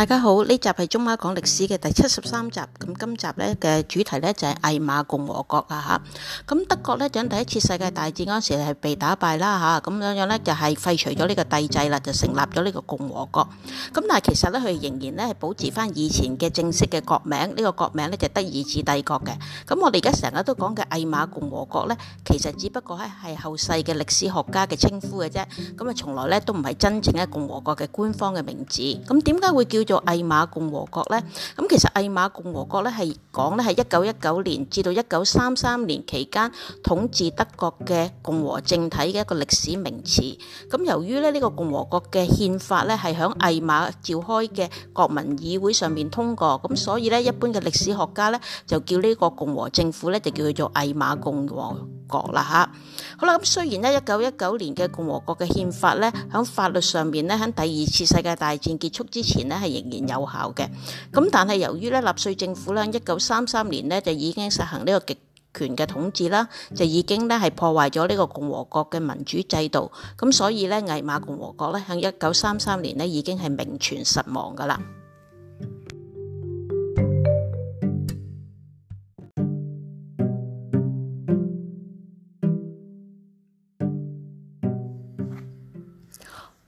大家好，呢集係中馬講歷史嘅第七十三集。咁今集呢嘅主題呢、就是，就係魏瑪共和國啊吓。咁德國呢，就第一次世界大戰嗰時係被打敗啦吓，咁樣樣呢就係廢除咗呢個帝制啦，就成立咗呢個共和國。咁但係其實呢，佢仍然呢係保持翻以前嘅正式嘅國名，呢、這個國名呢，就德意志帝國嘅。咁我哋而家成日都講嘅魏瑪共和國呢，其實只不過係係後世嘅歷史學家嘅稱呼嘅啫。咁啊從來呢，都唔係真正嘅共和國嘅官方嘅名字。咁點解會叫？做魏瑪共和國咧，咁其實魏瑪共和國咧係講咧係一九一九年至到一九三三年期間統治德國嘅共和政體嘅一個歷史名詞。咁由於咧呢個共和國嘅憲法咧係喺魏瑪召開嘅國民議會上面通過，咁所以咧一般嘅歷史學家咧就叫呢個共和政府咧就叫佢做魏瑪共和。國啦吓，好啦咁雖然咧，一九一九年嘅共和國嘅憲法咧，喺法律上面咧，喺第二次世界大戰結束之前呢，係仍然有效嘅。咁但係由於咧，納粹政府啦，一九三三年呢，就已經實行呢個極權嘅統治啦，就已經咧係破壞咗呢個共和國嘅民主制度。咁所以咧，魏瑪共和國咧喺一九三三年呢，已經係名存實亡噶啦。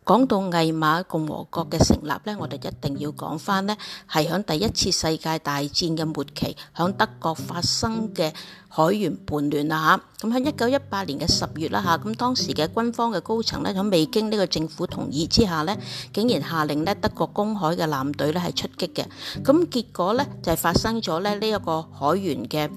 講到魏瑪共和國嘅成立咧，我哋一定要講翻呢係響第一次世界大戰嘅末期，響德國發生嘅海員叛亂啦吓。咁喺一九一八年嘅十月啦吓，咁當時嘅軍方嘅高層呢，響未經呢個政府同意之下呢，竟然下令呢，德國公海嘅艦隊呢係出擊嘅。咁結果呢，就係、發生咗咧呢一個海員嘅。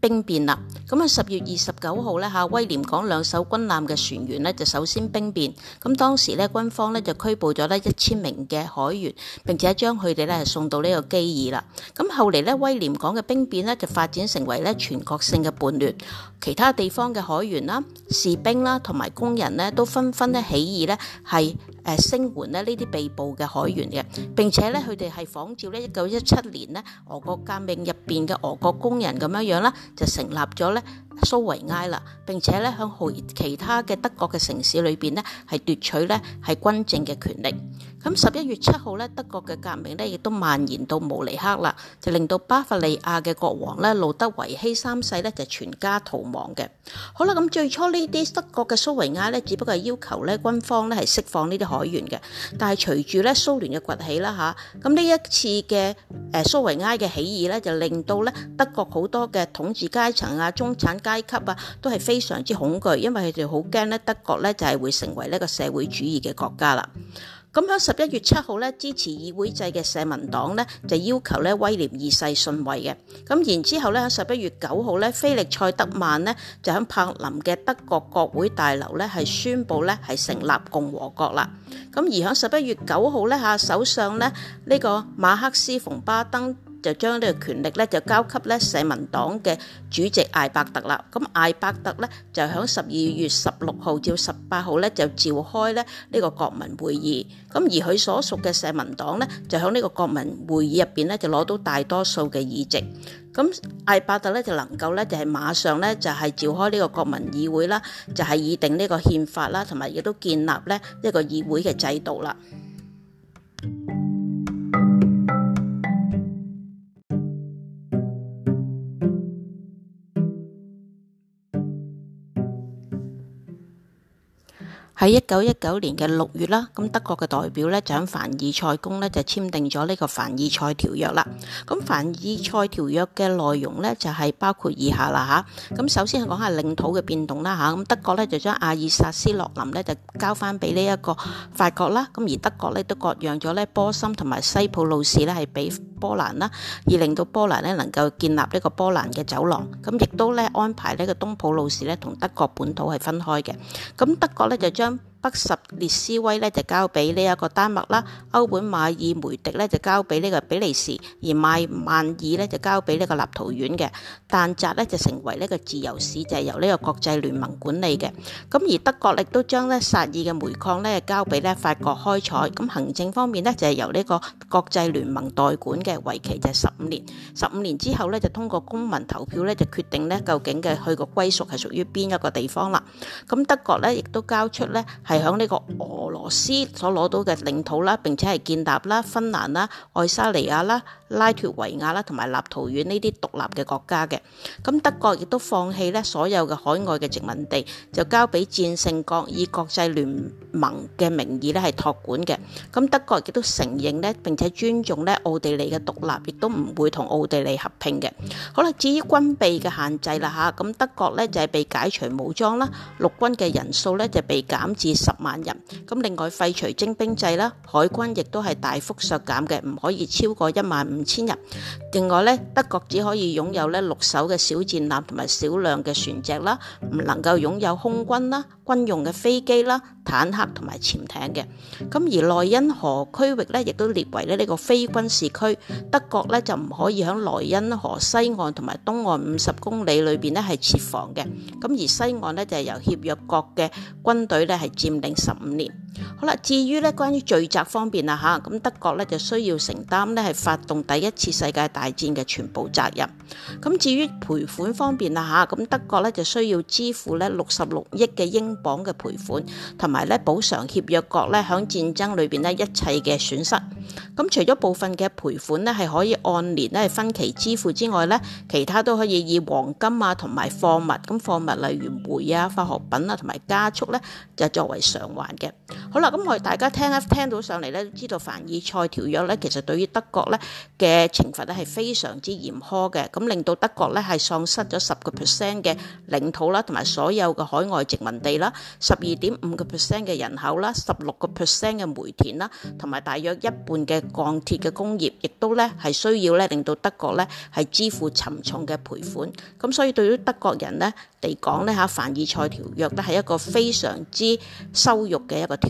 兵變啦！咁啊，十月二十九號呢，威廉港兩艘軍艦嘅船員呢，就首先兵變。咁當時咧，軍方咧就拘捕咗呢一千名嘅海員，並且將佢哋咧送到呢個基爾啦。咁後嚟咧，威廉港嘅兵變呢，就發展成為咧全國性嘅叛亂，其他地方嘅海員啦、士兵啦同埋工人呢，都紛紛咧起義呢，係誒聲援呢呢啲被捕嘅海員嘅。並且咧佢哋係仿照呢一九一七年呢，俄國革命入面嘅俄國工人咁樣樣啦。就成立咗咧。蘇維埃啦，並且咧向其他嘅德國嘅城市裏邊呢，係奪取呢，係軍政嘅權力。咁十一月七號呢，德國嘅革命呢，亦都蔓延到慕尼黑啦，就令到巴伐利亞嘅國王呢，路德維希三世呢，就全家逃亡嘅。好啦，咁最初呢啲德國嘅蘇維埃呢，只不過係要求呢軍方呢，係釋放呢啲海員嘅。但係隨住呢蘇聯嘅崛起啦嚇，咁呢一次嘅誒蘇維埃嘅起義呢，就令到呢德國好多嘅統治階層啊、中產階級啊，都係非常之恐懼，因為佢哋好驚咧德國咧就係會成為呢個社會主義嘅國家啦。咁喺十一月七號咧，支持議會制嘅社民黨呢，就要求咧威廉二世遜位嘅。咁然之後咧喺十一月九號咧，菲力塞德曼呢，就喺柏林嘅德國國會大樓咧係宣布咧係成立共和國啦。咁而喺十一月九號咧嚇首相呢，呢個馬克斯馮巴登。就將呢個權力咧，就交給咧社民黨嘅主席艾伯特啦。咁艾伯特咧就喺十二月十六號至十八號咧就召開咧呢個國民會議。咁而佢所屬嘅社民黨咧就喺呢個國民會議入邊咧就攞到大多數嘅議席。咁艾伯特咧就能夠咧就係馬上咧就係召開呢個國民議會啦，就係擬定呢個憲法啦，同埋亦都建立咧一個議會嘅制度啦。喺一九一九年嘅六月啦，咁德國嘅代表咧就喺凡爾賽宮咧就簽訂咗呢個凡爾賽條約啦。咁凡爾賽條約嘅內容咧就係包括以下啦吓。咁首先係講下領土嘅變動啦吓。咁德國咧就將阿爾薩斯洛林咧就交翻俾呢一個法國啦。咁而德國咧都割讓咗咧波森同埋西普魯士咧係俾。波蘭啦，而令到波蘭呢能夠建立呢個波蘭嘅走廊，咁亦都呢安排呢個東普魯士呢同德國本土係分開嘅，咁德國呢就將。北十列斯威咧就交俾呢一個丹麥啦，歐本馬爾梅迪咧就交俾呢個比利時，而邁曼爾咧就交俾呢個立陶宛嘅，但澤咧就成為呢個自由市，就係由呢個國際聯盟管理嘅。咁而德國亦都將咧薩爾嘅煤礦咧交俾咧法國開採，咁行政方面咧就係由呢個國際聯盟代管嘅，為期就係十五年，十五年之後咧就通過公民投票咧就決定咧究竟嘅去個歸屬係屬於邊一個地方啦。咁德國咧亦都交出咧。係喺呢個俄羅斯所攞到嘅領土啦，並且係建立啦芬蘭啦、愛沙尼亞啦、拉脫維亞啦同埋立陶宛呢啲獨立嘅國家嘅。咁德國亦都放棄咧所有嘅海外嘅殖民地，就交俾戰勝國以國際聯盟嘅名義咧係託管嘅。咁德國亦都承認呢，並且尊重呢奧地利嘅獨立，亦都唔會同奧地利合併嘅。好啦，至於軍備嘅限制啦嚇，咁德國呢就係被解除武裝啦，陸軍嘅人數呢就被減至十萬人，咁另外廢除徵兵制啦，海軍亦都係大幅削減嘅，唔可以超過一萬五千人。另外呢，德國只可以擁有呢六艘嘅小戰艦同埋少量嘅船隻啦，唔能夠擁有空軍啦、軍用嘅飛機啦、坦克同埋潛艇嘅。咁而萊茵河區域呢，亦都列為呢呢個非軍事區，德國呢，就唔可以喺萊茵河西岸同埋東岸五十公里裏邊呢係設防嘅。咁而西岸呢，就係由協約國嘅軍隊呢係接定十五年。嗯嗯嗯。好啦，至於咧，關於罪責方面啊，嚇咁德國咧就需要承擔咧係發動第一次世界大戰嘅全部責任。咁至於賠款方面啊，嚇咁德國咧就需要支付咧六十六億嘅英鎊嘅賠款，同埋咧補償協約國咧響戰爭裏邊咧一切嘅損失。咁除咗部分嘅賠款咧係可以按年咧係分期支付之外咧，其他都可以以黃金啊同埋貨物，咁貨物例如煤啊、化學品啊同埋家畜咧就作為償還嘅。好啦，咁我哋大家聽一聽到上嚟咧，知道凡爾賽條約咧，其實對於德國咧嘅懲罰咧係非常之嚴苛嘅，咁令到德國咧係喪失咗十個 percent 嘅領土啦，同埋所有嘅海外殖民地啦，十二點五個 percent 嘅人口啦，十六個 percent 嘅煤田啦，同埋大約一半嘅鋼鐵嘅工業，亦都咧係需要咧令到德國咧係支付沉重嘅賠款。咁所以對於德國人咧嚟講咧嚇凡爾賽條約咧係一個非常之羞辱嘅一個條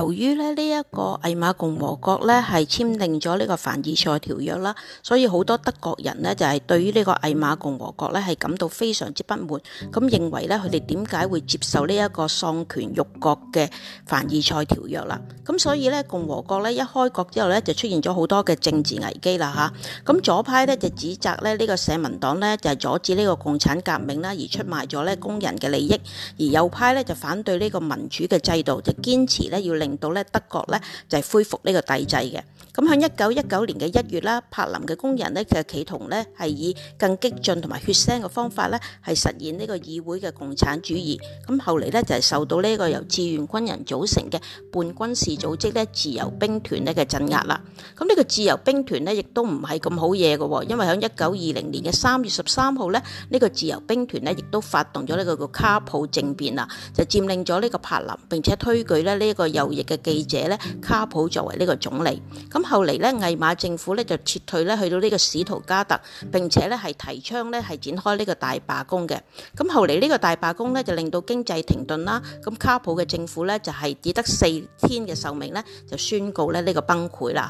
由於咧呢一個威瑪共和國呢係簽訂咗呢個凡爾賽條約啦，所以好多德國人呢就係對於呢個威瑪共和國呢係感到非常之不滿，咁認為呢佢哋點解會接受呢一個喪權辱國嘅凡爾賽條約啦？咁所以呢共和國呢一開國之後呢，就出現咗好多嘅政治危機啦吓，咁左派呢就指責呢個社民黨呢就係阻止呢個共產革命啦，而出賣咗呢工人嘅利益，而右派呢就反對呢個民主嘅制度，就堅持呢要令。令到咧德國咧就係恢復呢個帝制嘅。咁喺一九一九年嘅一月啦，柏林嘅工人咧就企圖咧係以更激進同埋血腥嘅方法咧係實現呢個議會嘅共產主義。咁後嚟咧就係受到呢個由志願軍人組成嘅半軍事組織咧自由兵團呢嘅鎮壓啦。咁呢個自由兵團咧亦都唔係咁好嘢嘅喎，因為喺一九二零年嘅三月十三號咧，呢、呢個自由兵團咧亦都發動咗呢個個卡普政變啊，就佔領咗呢個柏林並且推舉咧、呢、呢個有嘅記者咧，卡普作為呢個總理，咁後嚟咧，魏馬政府咧就撤退咧，去到呢個史圖加特，並且咧係提倡咧係展開呢個大罷工嘅。咁後嚟呢個大罷工咧就令到經濟停頓啦。咁卡普嘅政府咧就係只得四天嘅壽命咧，就宣告咧呢個崩潰啦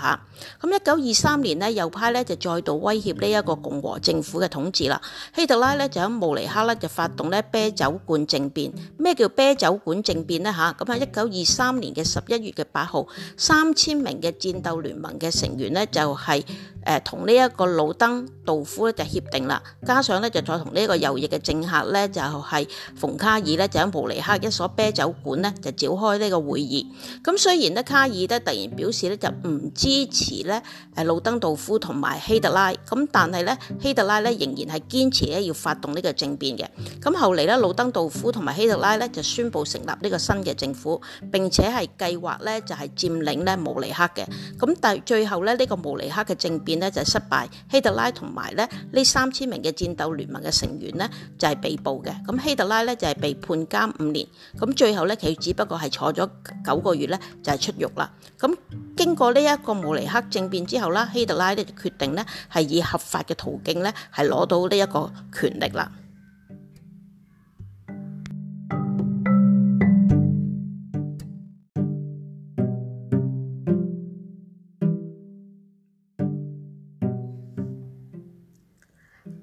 吓，咁一九二三年呢，右派咧就再度威脅呢一個共和政府嘅統治啦。希特拉咧就喺慕尼黑咧就發動咧啤酒館政變。咩叫啤酒館政變呢？吓，咁喺一九二三年嘅十一月嘅八號，三千名嘅戰鬥聯盟嘅成員呢，就係誒同呢一個魯登道夫咧就協定啦，加上咧就再同呢一個右翼嘅政客咧就係、是、馮卡爾咧就喺慕尼黑一所啤酒館咧就召開呢個會議。咁雖然咧卡爾咧突然表示咧就唔支持咧誒魯登道夫同埋希特拉，咁但係咧希特拉咧仍然係堅持咧要發動呢個政變嘅。咁後嚟咧魯登道夫同埋希特拉咧就宣布成立呢個新嘅政府，並且係。計劃咧就係佔領咧慕尼克嘅，咁但係最後咧呢個慕尼克嘅政變咧就係失敗，希特拉同埋咧呢三千名嘅戰鬥聯盟嘅成員咧就係被捕嘅，咁希特拉咧就係被判監五年，咁最後咧佢只不過係坐咗九個月咧就係出獄啦，咁經過呢一個慕尼克政變之後啦，希特拉咧就決定咧係以合法嘅途徑咧係攞到呢一個權力啦。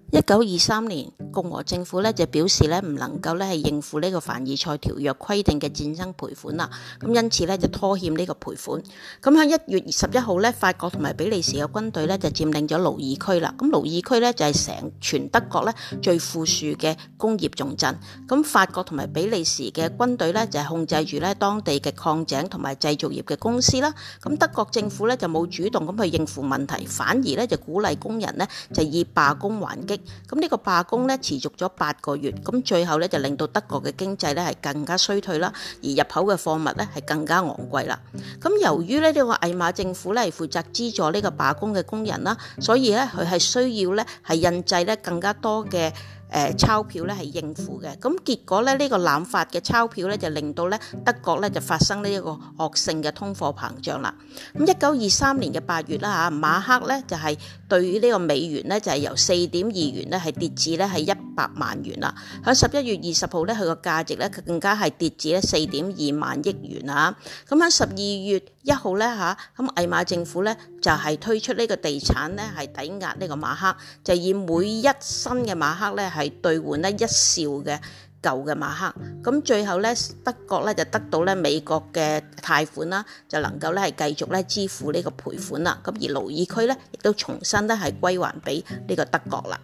一九二三年。共和政府咧就表示咧唔能夠咧係應付呢個凡爾賽條約規定嘅戰爭賠款啦，咁因此咧就拖欠呢個賠款。咁喺一月二十一號咧，法國同埋比利時嘅軍隊咧就佔領咗魯爾區啦。咁魯爾區呢就係成全德國咧最富庶嘅工業重鎮，咁法國同埋比利時嘅軍隊咧就係控制住咧當地嘅礦井同埋製造業嘅公司啦。咁德國政府咧就冇主動咁去應付問題，反而咧就鼓勵工人呢就以罷工還擊，咁呢個罷工咧。持續咗八個月，咁最後咧就令到德國嘅經濟咧係更加衰退啦，而入口嘅貨物咧係更加昂貴啦。咁由於咧呢個魏瑪政府咧係負責資助呢個罷工嘅工人啦，所以咧佢係需要咧係印製咧更加多嘅，誒鈔票咧係應付嘅，咁結果咧呢個濫發嘅鈔票咧就令到咧德國咧就發生呢一個惡性嘅通貨膨脹啦。咁一九二三年嘅八月啦嚇，馬克咧就係對於呢個美元咧就係由四點二元咧係跌至咧係一百萬元啦。喺十一月二十號咧，佢個價值咧更加係跌至咧四點二萬億元啦。咁喺十二月一號咧嚇，咁魏瑪政府咧就係推出呢個地產咧係抵押呢個馬克，就以每一新嘅馬克咧。係兌換咧一兆嘅舊嘅馬克，咁最後咧德國咧就得到咧美國嘅貸款啦，就能夠咧係繼續咧支付呢個賠款啦。咁而盧爾區咧亦都重新咧係歸還俾呢個德國啦。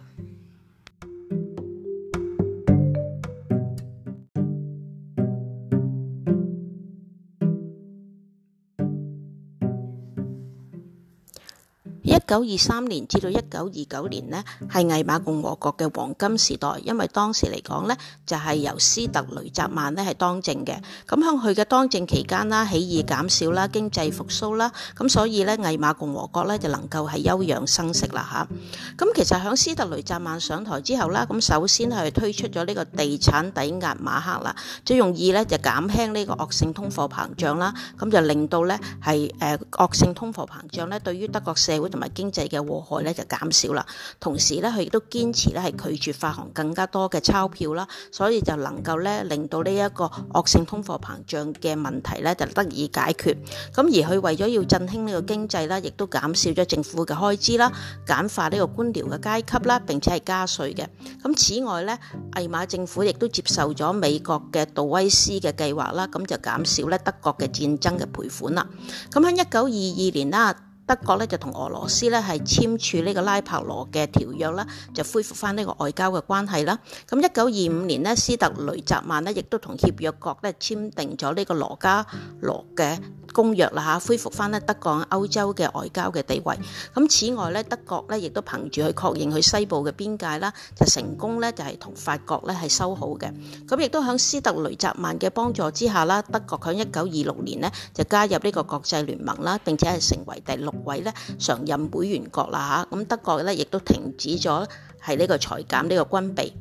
一九二三年至到一九二九年呢，係魏瑪共和國嘅黃金時代，因為當時嚟講呢，就係由斯特雷澤曼呢，係當政嘅。咁響佢嘅當政期間啦，起義減少啦，經濟復蘇啦，咁所以呢，魏瑪共和國呢，就能夠係休養生息啦吓。咁其實響斯特雷澤曼上台之後啦，咁首先係推出咗呢個地產抵押馬克啦，最容易呢，就減輕呢個惡性通貨膨脹啦，咁就令到呢，係誒惡性通貨膨脹呢，對於德國社會同埋經經濟嘅禍害咧就減少啦，同時咧佢亦都堅持咧係拒絕發行更加多嘅鈔票啦，所以就能夠咧令到呢一個惡性通貨膨脹嘅問題咧就得以解決。咁而佢為咗要振興呢個經濟啦，亦都減少咗政府嘅開支啦，簡化呢個官僚嘅階級啦，並且係加稅嘅。咁此外咧，魏馬政府亦都接受咗美國嘅杜威斯嘅計劃啦，咁就減少咧德國嘅戰爭嘅賠款啦。咁喺一九二二年啦。德國咧就同俄羅斯咧係簽署呢個拉柏羅嘅條約啦，就恢復翻呢個外交嘅關係啦。咁一九二五年呢，斯特雷澤曼呢亦都同協約國咧簽訂咗呢個羅加羅嘅公約啦嚇，恢復翻呢德國喺歐洲嘅外交嘅地位。咁此外咧，德國咧亦都憑住去確認佢西部嘅邊界啦，就成功咧就係同法國咧係修好嘅。咁亦都喺斯特雷澤曼嘅幫助之下啦，德國喺一九二六年呢就加入呢個國際聯盟啦，並且係成為第六位咧常任會員國啦吓，咁德國咧亦都停止咗喺呢個裁減呢個軍備。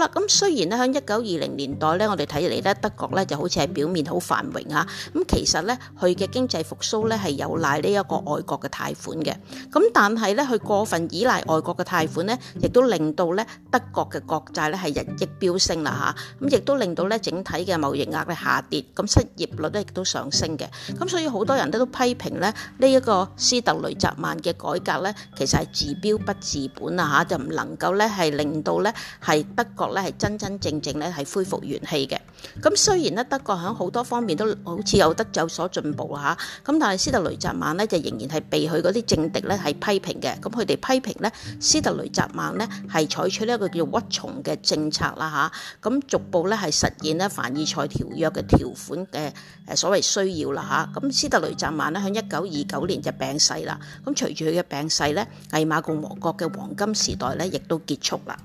好啦，咁雖然咧，喺一九二零年代咧，我哋睇嚟咧，德國咧就好似係表面好繁榮啊，咁其實咧，佢嘅經濟復甦咧係有賴呢一個外國嘅貸款嘅，咁但係咧，佢過分依賴外國嘅貸款咧，亦都令到咧德國嘅國債咧係日益飆升啦嚇，咁亦都令到咧整體嘅貿易額咧下跌，咁失業率咧亦都上升嘅，咁所以好多人都都批評咧呢一個斯特雷澤曼嘅改革咧，其實係治標不治本啊嚇，就唔能夠咧係令到咧係德國咧係真真正正咧係恢復元氣嘅，咁雖然咧德國喺好多方面都好似有得有所進步啦吓，咁但係斯特雷澤曼咧就仍然係被佢嗰啲政敵咧係批評嘅，咁佢哋批評咧斯特雷澤曼咧係採取一個叫屈從嘅政策啦吓，咁逐步咧係實現咧凡爾賽條約嘅條款嘅誒所謂需要啦吓，咁斯特雷澤曼咧喺一九二九年就病逝啦，咁隨住佢嘅病逝咧，魏瑪共和國嘅黃金時代咧亦都結束啦。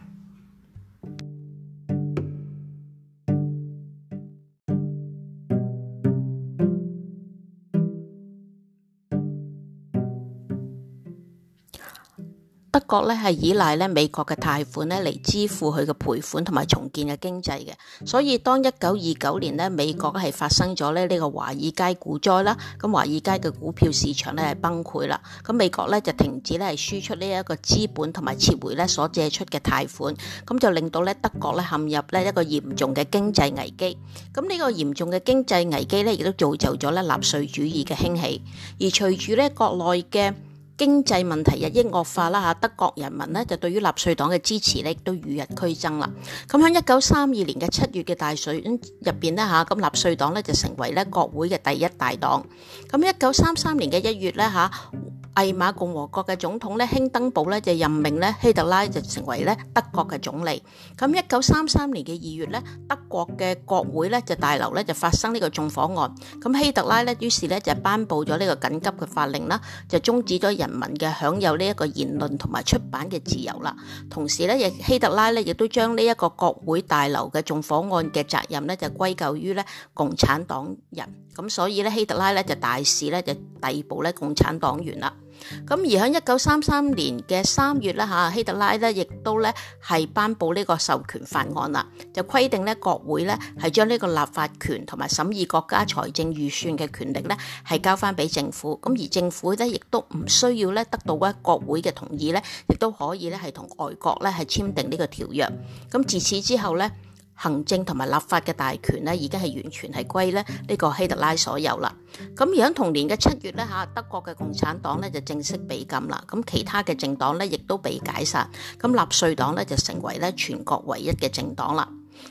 德國咧係依賴咧美國嘅貸款咧嚟支付佢嘅賠款同埋重建嘅經濟嘅，所以當一九二九年咧美國係發生咗咧呢個華爾街股災啦，咁華爾街嘅股票市場咧係崩潰啦，咁美國咧就停止咧係輸出呢一個資本同埋撤回咧所借出嘅貸款，咁就令到咧德國咧陷入咧一個嚴重嘅經濟危機，咁呢個嚴重嘅經濟危機咧亦都造就咗咧納粹主義嘅興起，而隨住咧國內嘅。經濟問題日益惡化啦嚇，德國人民咧就對於納粹黨嘅支持咧都與日俱增啦。咁喺一九三二年嘅七月嘅大選入邊呢，嚇，咁納粹黨呢就成為咧國會嘅第一大黨。咁一九三三年嘅一月咧嚇。魏瑪共和國嘅總統咧，興登堡咧就任命咧希特拉就成為咧德國嘅總理。咁一九三三年嘅二月咧，德國嘅國會咧就大樓咧就發生呢個縱火案。咁希特拉咧於是咧就頒布咗呢個緊急嘅法令啦，就終止咗人民嘅享有呢一個言論同埋出版嘅自由啦。同時咧，亦希特拉咧亦都將呢一個國會大樓嘅縱火案嘅責任咧就歸咎於咧共產黨人。咁所以咧，希特拉咧就大肆咧就逮捕咧共產黨員啦。咁而喺一九三三年嘅三月咧，吓希特拉咧亦都咧係頒布呢個授權法案啦，就規定咧國會咧係將呢個立法權同埋審議國家財政預算嘅權力咧係交翻俾政府，咁而政府咧亦都唔需要咧得到咧國會嘅同意咧，亦都可以咧係同外國咧係簽訂呢個條約，咁自此之後咧。行政同埋立法嘅大權咧，已經係完全係歸咧呢個希特拉所有啦。咁而喺同年嘅七月咧嚇，德國嘅共產黨咧就正式被禁啦。咁其他嘅政黨咧亦都被解散。咁納粹黨咧就成為咧全國唯一嘅政黨啦。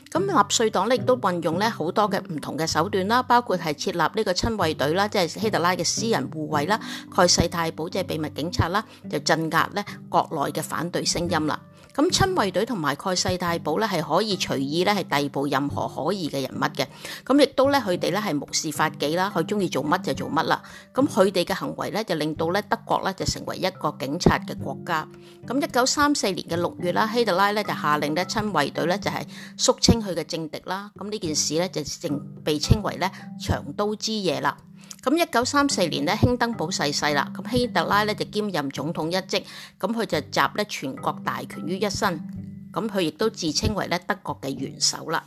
咁納粹黨咧亦都運用咧好多嘅唔同嘅手段啦，包括係設立呢個親衛隊啦，即係希特拉嘅私人護衛啦，蓋世太保借秘密警察啦，就鎮壓咧國內嘅反對聲音啦。咁親衛隊同埋蓋世太保咧係可以隨意咧係逮捕任何可疑嘅人物嘅，咁亦都咧佢哋咧係無視法紀啦，佢中意做乜就做乜啦。咁佢哋嘅行為咧就令到咧德國咧就成為一個警察嘅國家。咁一九三四年嘅六月啦，希特拉咧就下令咧親衛隊咧就係肅清佢嘅政敵啦。咁呢件事咧就正被稱為咧長刀之夜啦。咁一九三四年咧興登堡逝世啦，咁希特拉咧就兼任總統一職，咁佢就集咧全國大權於一生咁，佢亦都自稱為咧德國嘅元首啦。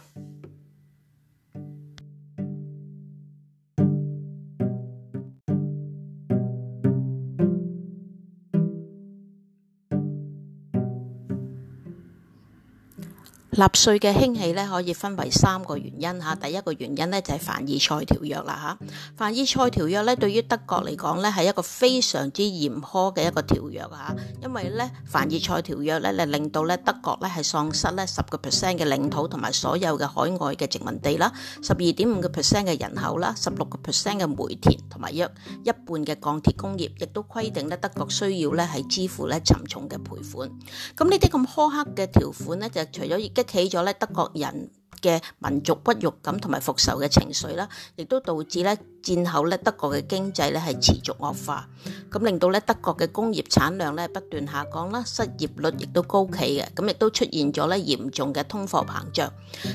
納粹嘅興起咧，可以分為三個原因嚇。第一個原因咧就係凡爾賽條約啦嚇。凡爾賽條約咧對於德國嚟講咧係一個非常之嚴苛嘅一個條約嚇，因為咧凡爾賽條約咧令到咧德國咧係喪失咧十個 percent 嘅領土同埋所有嘅海外嘅殖民地啦，十二點五個 percent 嘅人口啦，十六個 percent 嘅煤田同埋約一半嘅鋼鐵工業，亦都規定咧德國需要咧係支付咧沉重嘅賠款。咁呢啲咁苛刻嘅條款咧，就除咗起咗咧，德國人嘅民族屈辱感同埋復仇嘅情緒啦，亦都導致咧。戰後咧德國嘅經濟咧係持續惡化，咁令到咧德國嘅工業產量咧不斷下降啦，失業率亦都高企嘅，咁亦都出現咗咧嚴重嘅通貨膨脹。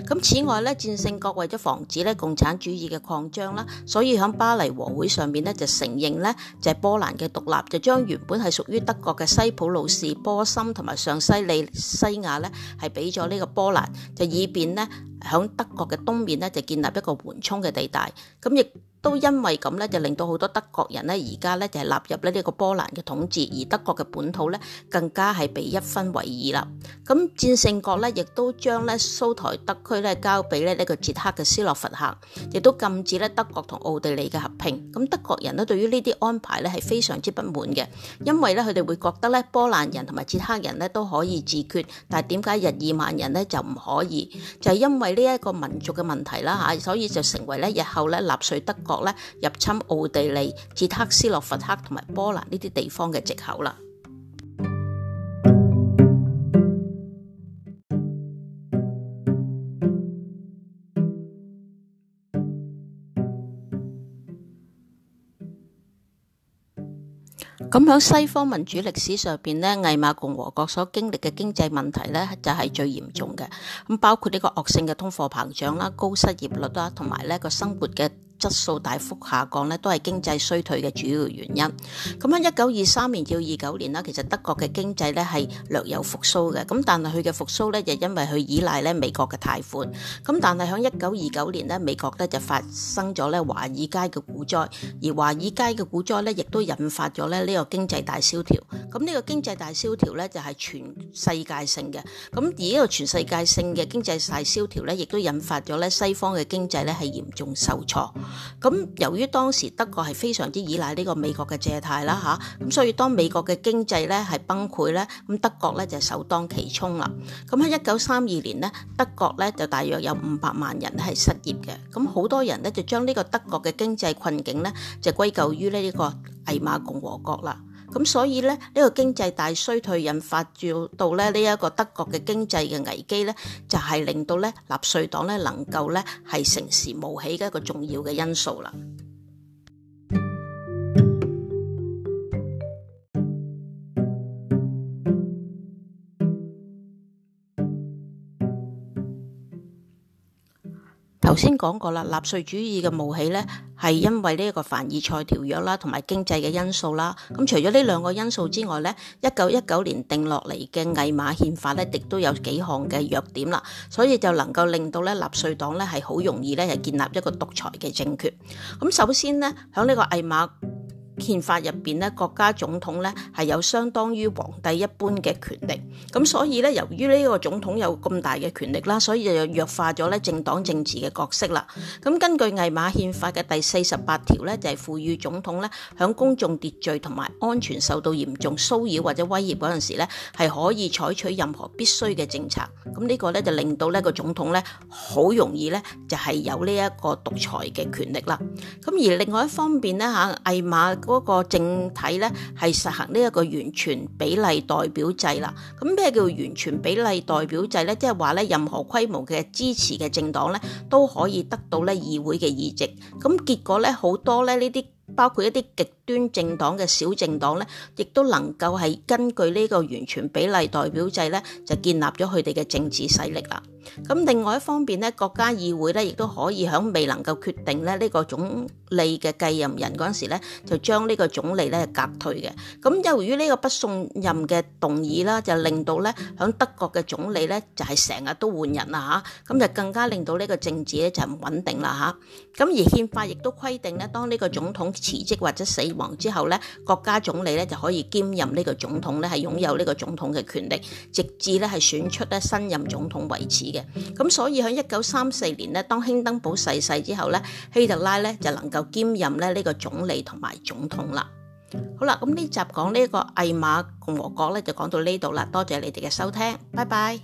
咁此外咧，戰勝國為咗防止咧共產主義嘅擴張啦，所以喺巴黎和會上面咧就承認咧就係波蘭嘅獨立，就將原本係屬於德國嘅西普魯士、波森同埋上西里西亞咧係俾咗呢個波蘭，就以便咧喺德國嘅東面咧就建立一個緩衝嘅地帶，咁亦，都因為咁呢，就令到好多德國人呢，而家呢，就係納入咧呢個波蘭嘅統治，而德國嘅本土呢，更加係被一分為二啦。咁戰勝國呢，亦都將呢蘇台德區呢，交俾咧呢個捷克嘅斯洛伐克，亦都禁止呢德國同奧地利嘅合併。咁德國人呢，對於呢啲安排呢，係非常之不滿嘅，因為呢，佢哋會覺得呢波蘭人同埋捷克人呢，都可以自決，但係點解日耳曼人呢，就唔可以？就係因為呢一個民族嘅問題啦吓，所以就成為呢日後呢納粹德國。入侵奧地利、捷克斯洛伐克同埋波蘭呢啲地方嘅借口啦。咁喺西方民主歷史上邊呢，魏瑪共和國所經歷嘅經濟問題呢，就係最嚴重嘅。咁包括呢個惡性嘅通貨膨脹啦、高失業率啦，同埋呢個生活嘅質素大幅下降咧，都係經濟衰退嘅主要原因。咁喺一九二三年至二九年啦，其實德國嘅經濟咧係略有復甦嘅。咁但係佢嘅復甦咧，就因為佢依賴咧美國嘅貸款。咁但係喺一九二九年咧，美國咧就發生咗咧華爾街嘅股災，而華爾街嘅股災咧，亦都引發咗咧呢個經濟大蕭條。咁呢個經濟大蕭條咧，就係全世界性嘅。咁而呢個全世界性嘅經濟大蕭條咧，亦都引發咗咧西方嘅經濟咧係嚴重受挫。咁由於當時德國係非常之依賴呢個美國嘅借貸啦嚇，咁所以當美國嘅經濟咧係崩潰咧，咁德國咧就首當其衝啦。咁喺一九三二年咧，德國咧就大約有五百萬人係失業嘅，咁好多人咧就將呢個德國嘅經濟困境咧就歸咎於咧呢個魏瑪共和國啦。咁所以咧，呢、這個經濟大衰退引發至到咧呢一、這個德國嘅經濟嘅危機咧，就係、是、令到咧納粹黨咧能夠咧係乘時冒起嘅一個重要嘅因素啦。頭先講過啦，納粹主義嘅冒起咧，係因為呢個凡爾賽條約啦，同埋經濟嘅因素啦。咁除咗呢兩個因素之外咧，一九一九年定落嚟嘅魏瑪憲法咧，亦都有幾項嘅弱點啦，所以就能夠令到咧，納粹黨咧係好容易咧，係建立一個獨裁嘅政權。咁首先咧，響呢個魏瑪憲法入邊咧，國家總統咧係有相當於皇帝一般嘅權力，咁所以咧，由於呢個總統有咁大嘅權力啦，所以就弱化咗咧政黨政治嘅角色啦。咁根據魏馬憲法嘅第四十八條咧，就係、是、賦予總統咧響公眾秩序同埋安全受到嚴重騷擾或者威脅嗰陣時咧，係可以採取任何必須嘅政策。咁呢個咧就令到呢個總統咧好容易咧就係有呢一個獨裁嘅權力啦。咁而另外一方面咧嚇魏馬嗰個政體咧係實行呢一個完全比例代表制啦。咁咩叫完全比例代表制咧？即係話咧任何規模嘅支持嘅政黨咧都可以得到咧議會嘅議席。咁結果咧好多咧呢啲包括一啲極端政黨嘅小政黨咧，亦都能夠係根據呢個完全比例代表制咧，就建立咗佢哋嘅政治勢力啦。咁另外一方面呢，國家議會咧亦都可以響未能夠決定咧呢個總理嘅繼任人嗰陣時咧，就將呢個總理咧革退嘅。咁由於呢個不信任嘅動議啦，就令到咧響德國嘅總理咧就係成日都換人啊吓，咁就更加令到呢個政治咧就唔穩定啦吓，咁、啊、而憲法亦都規定呢，當呢個總統辭職或者死亡之後咧，國家總理咧就可以兼任呢個總統咧，係擁有呢個總統嘅權力，直至咧係選出咧新任總統為止嘅。咁所以喺一九三四年咧，當興登堡逝世之後咧，希特拉咧就能夠兼任咧呢個總理同埋總統啦。好啦，咁呢集講呢個魏瑪共和國咧，就講到呢度啦。多謝你哋嘅收聽，拜拜。